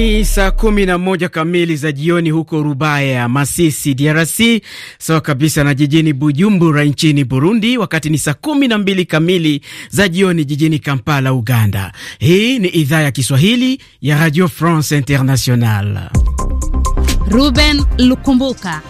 Ni saa kumi na moja kamili za jioni huko Rubaya, Masisi, DRC, sawa kabisa na jijini Bujumbura nchini Burundi, wakati ni saa kumi na mbili kamili za jioni jijini Kampala, Uganda. Hii ni idhaa ya Kiswahili ya Radio France international Ruben Lukumbuka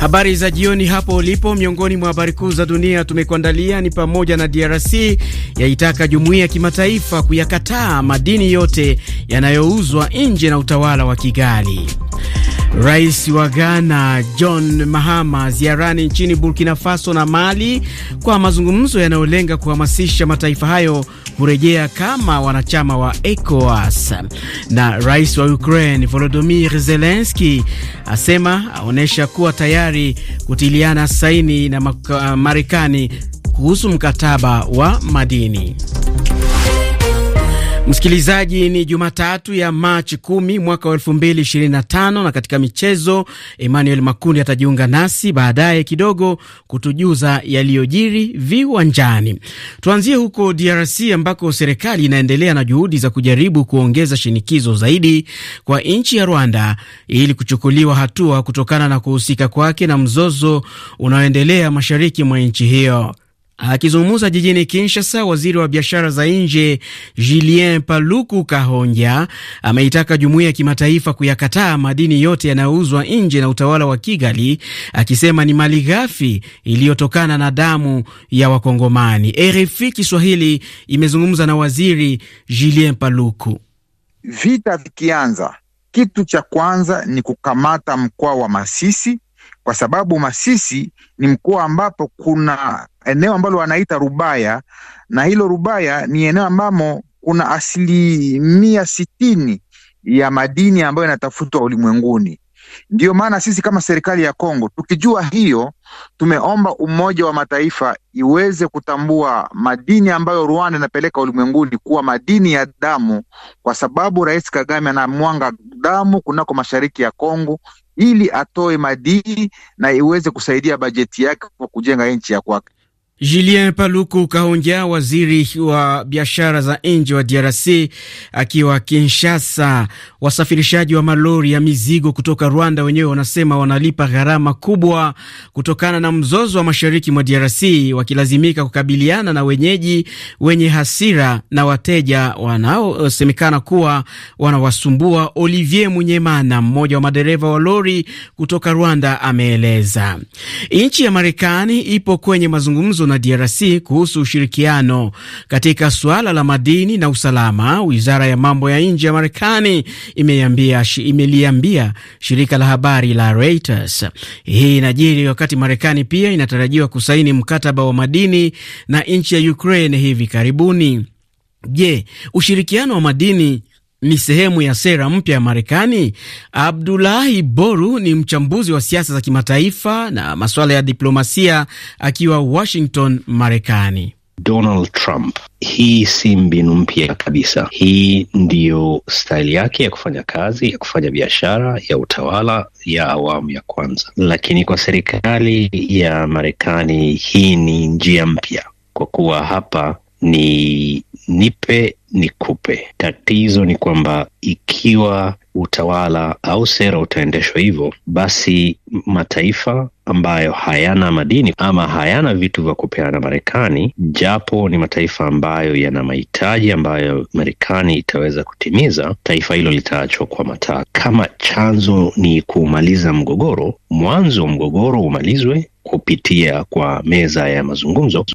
Habari za jioni hapo ulipo. Miongoni mwa habari kuu za dunia tumekuandalia ni pamoja na DRC yaitaka jumuiya ya kimataifa kuyakataa madini yote yanayouzwa nje na utawala wa Kigali. Rais wa Ghana John Mahama ziarani nchini Burkina Faso na Mali kwa mazungumzo yanayolenga kuhamasisha mataifa hayo kurejea kama wanachama wa ECOWAS. Na rais wa Ukraine Volodymyr Zelensky asema aonyesha kuwa tayari kutiliana saini na Marekani kuhusu mkataba wa madini. Msikilizaji, ni Jumatatu ya Machi kumi mwaka wa elfu mbili ishirini na tano na katika michezo, Emmanuel Makundi atajiunga nasi baadaye kidogo kutujuza yaliyojiri viwanjani. Tuanzie huko DRC ambako serikali inaendelea na juhudi za kujaribu kuongeza shinikizo zaidi kwa nchi ya Rwanda ili kuchukuliwa hatua kutokana na kuhusika kwake na mzozo unaoendelea mashariki mwa nchi hiyo. Akizungumza jijini Kinshasa, waziri wa biashara za nje Julien Paluku Kahonja ameitaka jumuiya ya kimataifa kuyakataa madini yote yanayouzwa nje na utawala wa Kigali, akisema ni mali ghafi iliyotokana na damu ya Wakongomani. RFI Kiswahili imezungumza na waziri Julien Paluku. Vita vikianza, kitu cha kwanza ni kukamata mkoa wa Masisi kwa sababu Masisi ni mkoa ambapo kuna eneo ambalo wanaita Rubaya, na hilo Rubaya ni eneo ambamo kuna asilimia sitini ya madini ambayo inatafutwa ulimwenguni. Ndiyo maana sisi kama serikali ya Kongo tukijua hiyo, tumeomba Umoja wa Mataifa iweze kutambua madini ambayo Rwanda inapeleka ulimwenguni kuwa madini ya damu, kwa sababu Rais Kagame anamwanga damu kunako mashariki ya Kongo ili atoe madini na iweze kusaidia bajeti yake kwa kujenga nchi ya kwake. Julien Paluku Kahonja, waziri wa biashara za nje wa DRC, akiwa Kinshasa. Wasafirishaji wa malori ya mizigo kutoka Rwanda wenyewe wanasema wanalipa gharama kubwa kutokana na mzozo wa mashariki mwa DRC, wakilazimika kukabiliana na wenyeji wenye hasira na wateja wanaosemekana kuwa wanawasumbua. Olivier Munyemana, mmoja wa madereva wa lori kutoka Rwanda, ameeleza. Nchi ya Marekani ipo kwenye mazungumzo na DRC kuhusu ushirikiano katika suala la madini na usalama. Wizara ya mambo ya nje ya Marekani imeliambia shirika la habari la Reuters. Hii inajiri wakati Marekani pia inatarajiwa kusaini mkataba wa madini na nchi ya Ukraine hivi karibuni. Je, ushirikiano wa madini ni sehemu ya sera mpya ya Marekani? Abdulahi Boru ni mchambuzi wa siasa za kimataifa na masuala ya diplomasia akiwa Washington, Marekani. Donald Trump, hii si mbinu mpya kabisa. Hii ndiyo staili yake ya kufanya kazi, ya kufanya biashara, ya utawala ya awamu ya kwanza. Lakini kwa serikali ya Marekani, hii ni njia mpya, kwa kuwa hapa ni nipe nikupe. Tatizo ni kwamba ikiwa utawala au sera utaendeshwa hivyo, basi mataifa ambayo hayana madini ama hayana vitu vya kupeana Marekani, japo ni mataifa ambayo yana mahitaji ambayo Marekani itaweza kutimiza, taifa hilo litaachwa kwa mataa. Kama chanzo ni kuumaliza mgogoro, mwanzo mgogoro umalizwe kupitia kwa meza ya mazungumzo.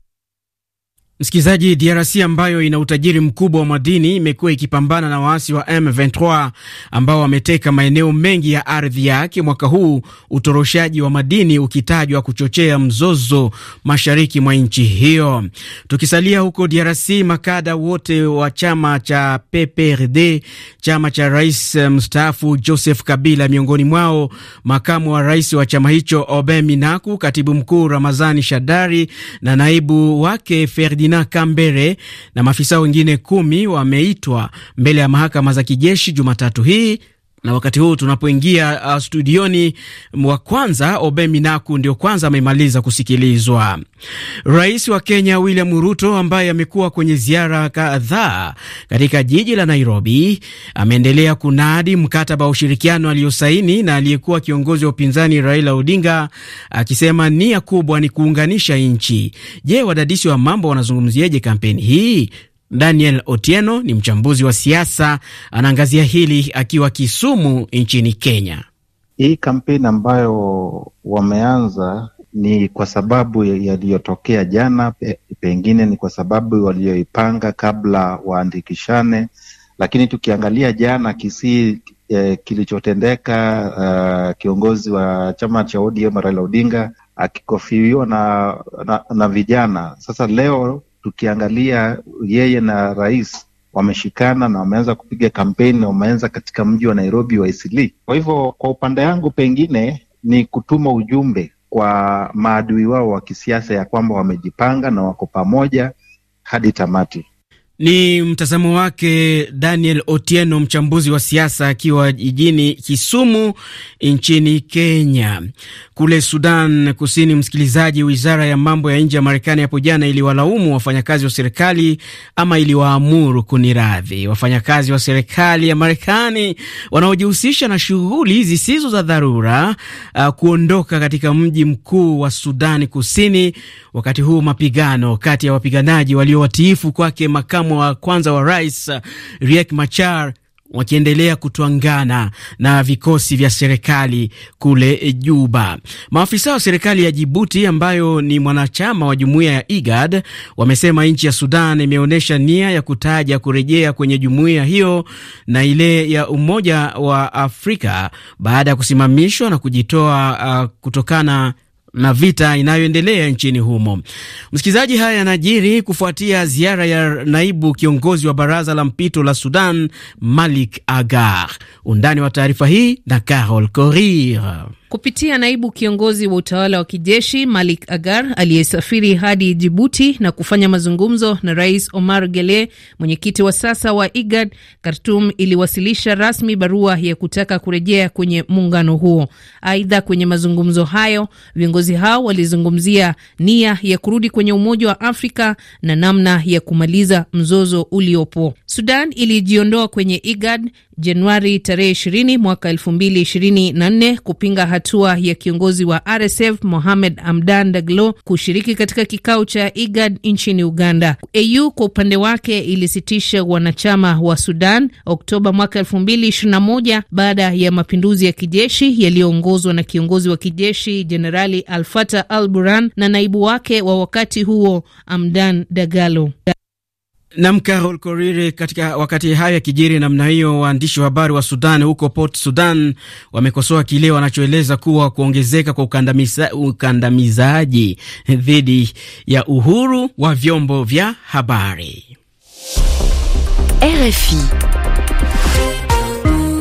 Msikilizaji, DRC ambayo ina utajiri mkubwa wa madini imekuwa ikipambana na waasi wa M23 ambao wameteka maeneo mengi ya ardhi yake, mwaka huu utoroshaji wa madini ukitajwa kuchochea mzozo mashariki mwa nchi hiyo. Tukisalia huko DRC, makada wote wa chama cha PPRD, chama cha rais eh, mstaafu Joseph Kabila, miongoni mwao makamu wa rais wa chama hicho Obe Minaku, katibu mkuu Ramazani Shadari na naibu wake Ferdi Jinaka Kambere na maafisa wengine kumi wameitwa mbele ya mahakama za kijeshi Jumatatu hii na wakati huu tunapoingia uh, studioni wa kwanza, Obe Minaku ndio kwanza amemaliza kusikilizwa. Rais wa Kenya William Ruto ambaye amekuwa kwenye ziara kadhaa katika jiji la Nairobi ameendelea kunadi mkataba wa ushirikiano aliyosaini na aliyekuwa kiongozi wa upinzani Raila Odinga akisema nia kubwa ni kuunganisha nchi. Je, wadadisi wa mambo wanazungumziaje kampeni hii? Daniel Otieno ni mchambuzi wa siasa, anaangazia hili akiwa Kisumu nchini Kenya. Hii kampeni ambayo wameanza ni kwa sababu yaliyotokea jana, pengine ni kwa sababu walioipanga kabla waandikishane, lakini tukiangalia jana Kisii eh, kilichotendeka uh, kiongozi wa chama cha ODM Raila Odinga akikofiwa na, na, na vijana. Sasa leo tukiangalia yeye na rais wameshikana na wameanza kupiga kampeni, wameanza katika mji wa Nairobi wa Isili. Kwa hivyo kwa upande yangu pengine ni kutuma ujumbe kwa maadui wao wa kisiasa ya kwamba wamejipanga na wako pamoja hadi tamati. Ni mtazamo wake Daniel Otieno, mchambuzi wa siasa akiwa jijini Kisumu nchini Kenya. Kule Sudan Kusini, msikilizaji, wizara ya mambo ya nje ya Marekani hapo jana iliwalaumu wafanyakazi wa serikali ama iliwaamuru kuniradhi, wafanyakazi wa serikali ya Marekani wanaojihusisha na shughuli zisizo za dharura uh, kuondoka katika mji mkuu wa Sudan Kusini, wakati huu mapigano kati ya wapiganaji waliowatiifu kwake makamu makamu wa kwanza wa rais uh, Riek Machar wakiendelea kutwangana na vikosi vya serikali kule Juba. Maafisa wa serikali ya Jibuti ambayo ni mwanachama wa jumuiya ya IGAD wamesema nchi ya Sudan imeonyesha nia ya kutaja kurejea kwenye jumuiya hiyo na ile ya Umoja wa Afrika baada ya kusimamishwa na kujitoa uh, kutokana na vita inayoendelea nchini humo. Msikilizaji, haya yanajiri kufuatia ziara ya naibu kiongozi wa baraza la mpito la Sudan, Malik Agar. Undani wa taarifa hii na Carol Korir. Kupitia naibu kiongozi wa utawala wa kijeshi Malik Agar aliyesafiri hadi Jibuti na kufanya mazungumzo na Rais Omar Gele, mwenyekiti wa sasa wa IGAD, Khartum iliwasilisha rasmi barua ya kutaka kurejea kwenye muungano huo. Aidha, kwenye mazungumzo hayo viongozi hao walizungumzia nia ya kurudi kwenye Umoja wa Afrika na namna ya kumaliza mzozo uliopo. Sudan ilijiondoa kwenye IGAD Januari tarehe 20 mwaka 2024 kupinga hatua ya kiongozi wa RSF Mohamed Amdan Daglo kushiriki katika kikao cha IGAD nchini Uganda. AU kwa upande wake ilisitisha wanachama wa Sudan Oktoba mwaka 2021 baada ya mapinduzi ya kijeshi yaliyoongozwa na kiongozi wa kijeshi Jenerali alfata Al buran na naibu wake wa wakati huo Amdan Dagalo. Nam Carol Korire. Katika wakati hayo yakijiri namna hiyo, waandishi wa habari wa Sudan huko Port Sudan wamekosoa kile wanachoeleza kuwa kuongezeka kwa ukandamiza, ukandamizaji dhidi ya uhuru wa vyombo vya habari. RFI.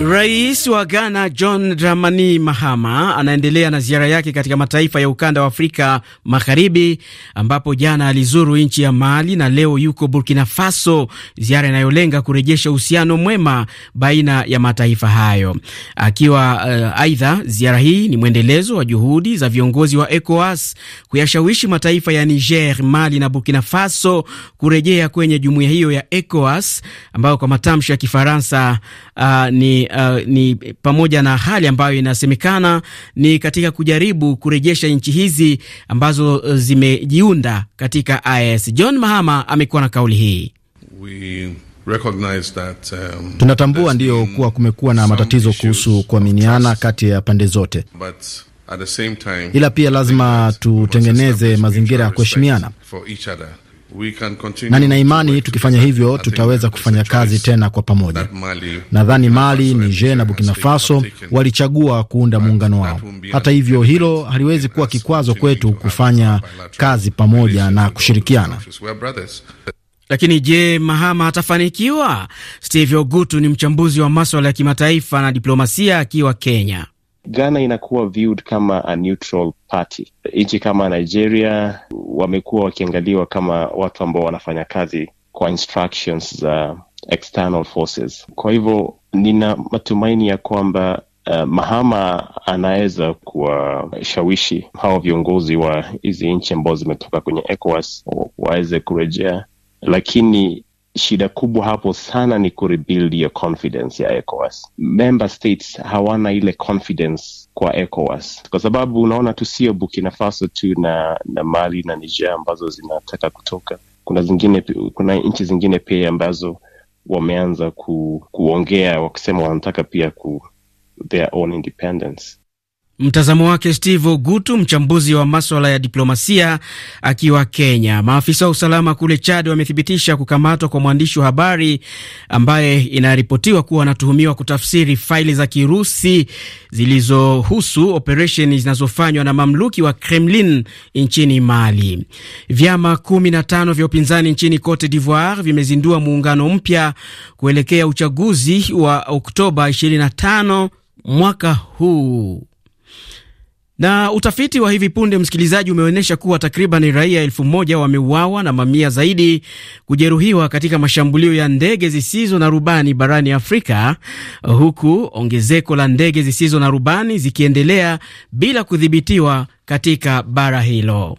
Rais wa Ghana John Dramani Mahama anaendelea na ziara yake katika mataifa ya ukanda wa Afrika Magharibi, ambapo jana alizuru nchi ya Mali na leo yuko Burkina Faso, ziara inayolenga kurejesha uhusiano mwema baina ya mataifa hayo akiwa uh, aidha, ziara hii ni mwendelezo wa juhudi za viongozi wa ECOWAS kuyashawishi mataifa ya Niger, Mali na Burkina Faso kurejea kwenye jumuiya hiyo ya ECOWAS ambayo kwa matamshi ya Kifaransa uh, ni uh, ni pamoja na hali ambayo inasemekana ni katika kujaribu kurejesha nchi hizi ambazo uh, zimejiunda katika IS. John Mahama amekuwa na kauli hii. We That, um, tunatambua ndiyo kuwa kumekuwa na matatizo kuhusu kuaminiana kati ya pande zote, ila pia lazima tutengeneze mazingira ya kuheshimiana na nina imani tukifanya hivyo tutaweza kufanya kazi tena kwa pamoja. Nadhani Mali, Niger na Burkina Faso walichagua kuunda muungano wao. Hata hivyo, hilo haliwezi kuwa kikwazo kwetu kufanya kazi pamoja na kushirikiana. Lakini je, Mahama atafanikiwa? Steve Ogutu ni mchambuzi wa maswala ya kimataifa na diplomasia akiwa Kenya. Ghana inakuwa viewed kama a neutral party. Nchi kama Nigeria wamekuwa wakiangaliwa kama watu ambao wanafanya kazi kwa instructions za external forces. Kwa hivyo nina matumaini ya kwamba uh, Mahama anaweza kuwashawishi hawa viongozi wa hizi nchi ambao zimetoka kwenye ECOWAS waweze kurejea, lakini shida kubwa hapo sana ni kurebuild hiyo confidence ya ECOWAS. Member states hawana ile confidence kwa ECOWAS kwa sababu unaona tu sio Burkina Faso tu na, na Mali na Niger ambazo zinataka kutoka. Kuna zingine, kuna nchi zingine pia ambazo wameanza ku, kuongea wakisema wanataka pia ku their own independence Mtazamo wake Steve Ogutu, mchambuzi wa maswala ya diplomasia akiwa Kenya. Maafisa wa usalama kule Chad wamethibitisha kukamatwa kwa mwandishi wa habari ambaye inaripotiwa kuwa anatuhumiwa kutafsiri faili za Kirusi zilizohusu operesheni zinazofanywa na mamluki wa Kremlin nchini Mali. Vyama kumi na tano vya upinzani nchini Cote d'Ivoire vimezindua muungano mpya kuelekea uchaguzi wa Oktoba 25 mwaka huu. Na utafiti wa hivi punde, msikilizaji, umeonyesha kuwa takriban raia elfu moja wameuawa na mamia zaidi kujeruhiwa katika mashambulio ya ndege zisizo na rubani barani Afrika, huku ongezeko la ndege zisizo na rubani zikiendelea bila kudhibitiwa katika bara hilo.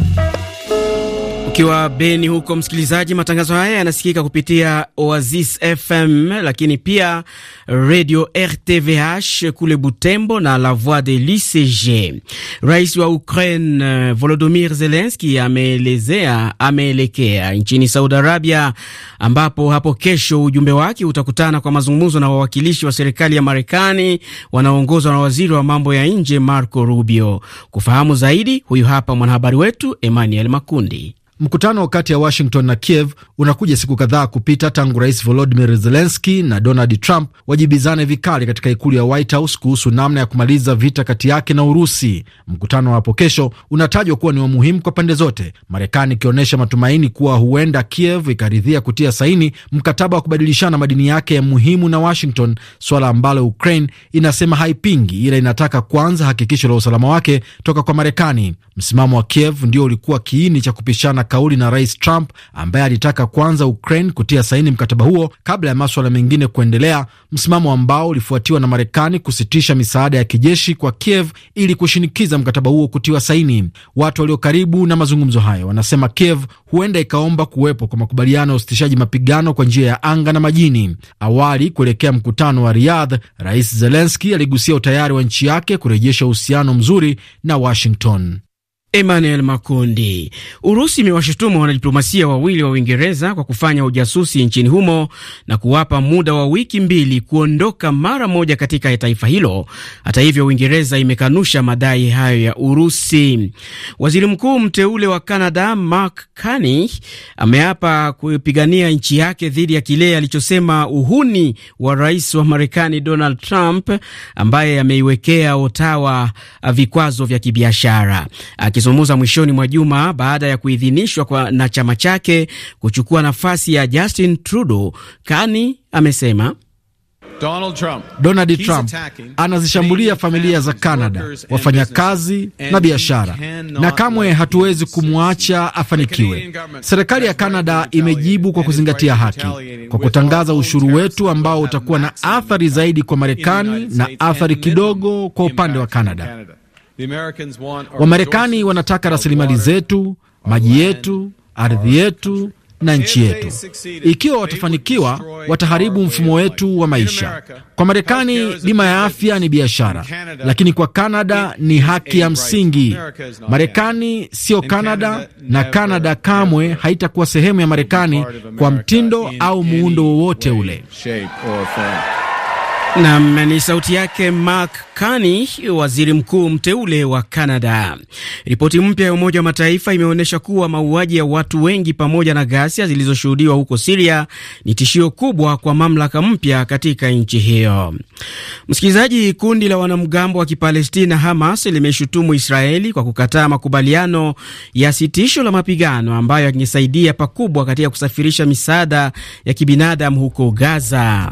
ukiwa Beni huko, msikilizaji, matangazo haya yanasikika kupitia Oasis FM, lakini pia radio RTVH kule Butembo na La Voix de l'UCG. Rais wa Ukraine eh, Volodymyr Zelensky ameelezea ameelekea nchini Saudi Arabia, ambapo hapo kesho ujumbe wake utakutana kwa mazungumzo na wawakilishi wa serikali ya Marekani wanaoongozwa na waziri wa mambo ya nje Marco Rubio. Kufahamu zaidi, huyu hapa mwanahabari wetu Emmanuel Makundi. Mkutano kati ya Washington na Kiev unakuja siku kadhaa kupita tangu rais Volodimir Zelenski na Donald Trump wajibizane vikali katika ikulu ya White House kuhusu namna ya kumaliza vita kati yake na Urusi. Mkutano wa hapo kesho unatajwa kuwa ni wa muhimu kwa pande zote, Marekani ikionyesha matumaini kuwa huenda Kiev ikaridhia kutia saini mkataba wa kubadilishana madini yake ya muhimu na Washington, suala ambalo Ukraine inasema haipingi, ila inataka kwanza hakikisho la usalama wake toka kwa Marekani. Msimamo wa Kiev ndio ulikuwa kiini cha kupishana kauli na Rais Trump ambaye alitaka kwanza Ukraine kutia saini mkataba huo kabla ya maswala mengine kuendelea, msimamo ambao ulifuatiwa na Marekani kusitisha misaada ya kijeshi kwa Kiev ili kushinikiza mkataba huo kutiwa saini. Watu walio karibu na mazungumzo hayo wanasema Kiev huenda ikaomba kuwepo kwa makubaliano ya usitishaji mapigano kwa njia ya anga na majini. Awali, kuelekea mkutano wa Riyadh, Rais Zelenski aligusia utayari wa nchi yake kurejesha uhusiano mzuri na Washington. Emmanuel Makundi. Urusi imewashutumu wanadiplomasia wawili wa Uingereza kwa kufanya ujasusi nchini humo na kuwapa muda wa wiki mbili kuondoka mara moja katika taifa hilo. Hata hivyo, Uingereza imekanusha madai hayo ya Urusi. Waziri mkuu mteule wa Canada Mark Carney ameapa kupigania nchi yake dhidi ya kile alichosema uhuni wa rais wa Marekani Donald Trump ambaye ameiwekea utawa vikwazo vya kibiashara. Akizungumza mwishoni mwa juma baada ya kuidhinishwa na chama chake kuchukua nafasi ya Justin Trudeau, Kani amesema Donald Trump, Donald Trump anazishambulia familia za Canada, wafanyakazi na biashara, na kamwe hatuwezi kumwacha afanikiwe. Serikali ya Canada imejibu kwa kuzingatia haki, kwa kutangaza ushuru wetu ambao utakuwa na athari zaidi kwa Marekani na athari kidogo kwa upande wa Canada. Wamarekani wanataka rasilimali zetu, maji yetu, ardhi yetu na nchi yetu. Ikiwa watafanikiwa, wataharibu mfumo wetu wa maisha. Kwa Marekani, bima ya afya ni biashara, lakini kwa Kanada ni haki ya msingi. Marekani siyo Kanada, na Kanada kamwe haitakuwa sehemu ya Marekani kwa mtindo au muundo wowote ule. Nam ni sauti yake Mark Carney, waziri mkuu mteule wa Canada. Ripoti mpya ya Umoja wa Mataifa imeonyesha kuwa mauaji ya watu wengi pamoja na ghasia zilizoshuhudiwa huko Siria ni tishio kubwa kwa mamlaka mpya katika nchi hiyo. Msikilizaji, kundi la wanamgambo wa Kipalestina Hamas limeshutumu Israeli kwa kukataa makubaliano ya sitisho la mapigano ambayo yangesaidia pakubwa katika kusafirisha misaada ya kibinadamu huko Gaza.